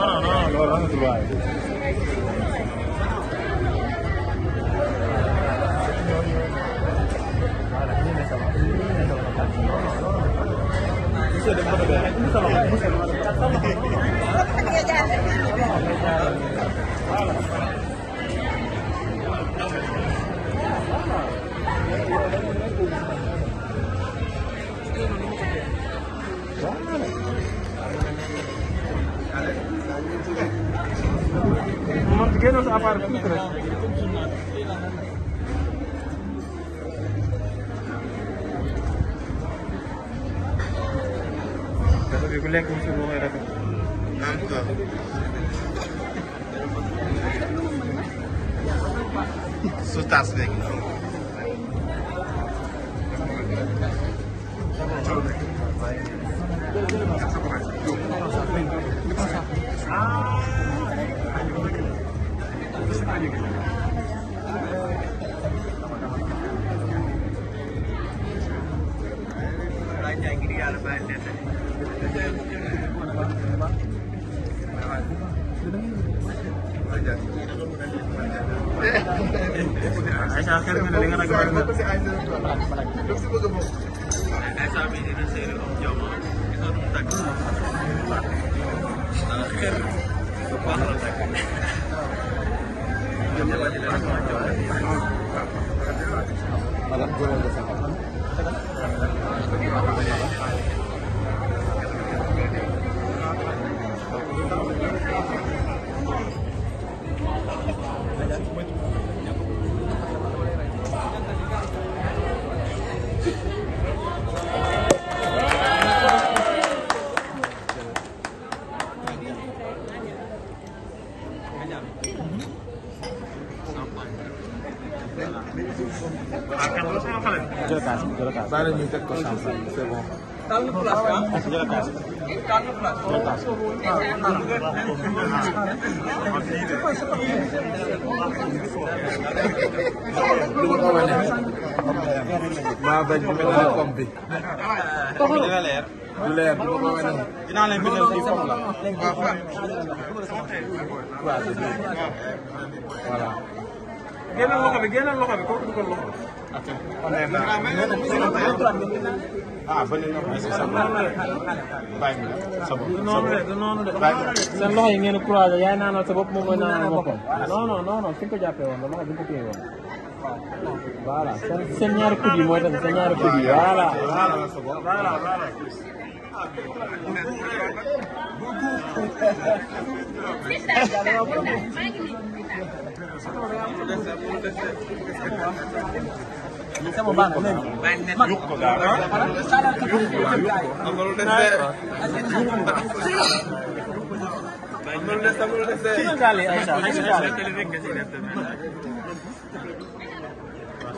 No, no, no, no, no ti vai. Questo è il modo bene. Questo è il modo bene. आभार खुश रहे regular kung sa mga rata. Nangka. Sutas na yun. Thank you. ഞാൻ ഗിരികാല band Aisyah akhir bila dengar lagu baru. Aisyah bila dengar lagu baru. Aisyah bila dengar lagu baru. jël kaas bi jël kaas bi. baale ñuy teg ko champagne c'est bon. tànn place ah. jël kaas bi. tànn place. jël kaas bi. lu ma ko wane. maa bañ bu mel ni pompe bi. pompe dina leer. du leer bu ma woowee nag. dinaa leen bindal fii pompe la. waaw voilà. génnal loxo bi génnal loxo bi kooku dugal loxo. ok ah ba léegi ñoom monsieur Samba bàyyi la sa bopp. noonu rek noonu rek seen loxo yi ngeen croisé yaay naanal sa bopp moom mooy naanal boppam. non non non fi nga ko jàppee woon la loxo bi nga ko téye woon. voilà seen seen ñaari coude yi mooy tax seen ñaari coude yi voilà. sama baax na léegi man xaaral ko déglu jëm gars yi. am na lu des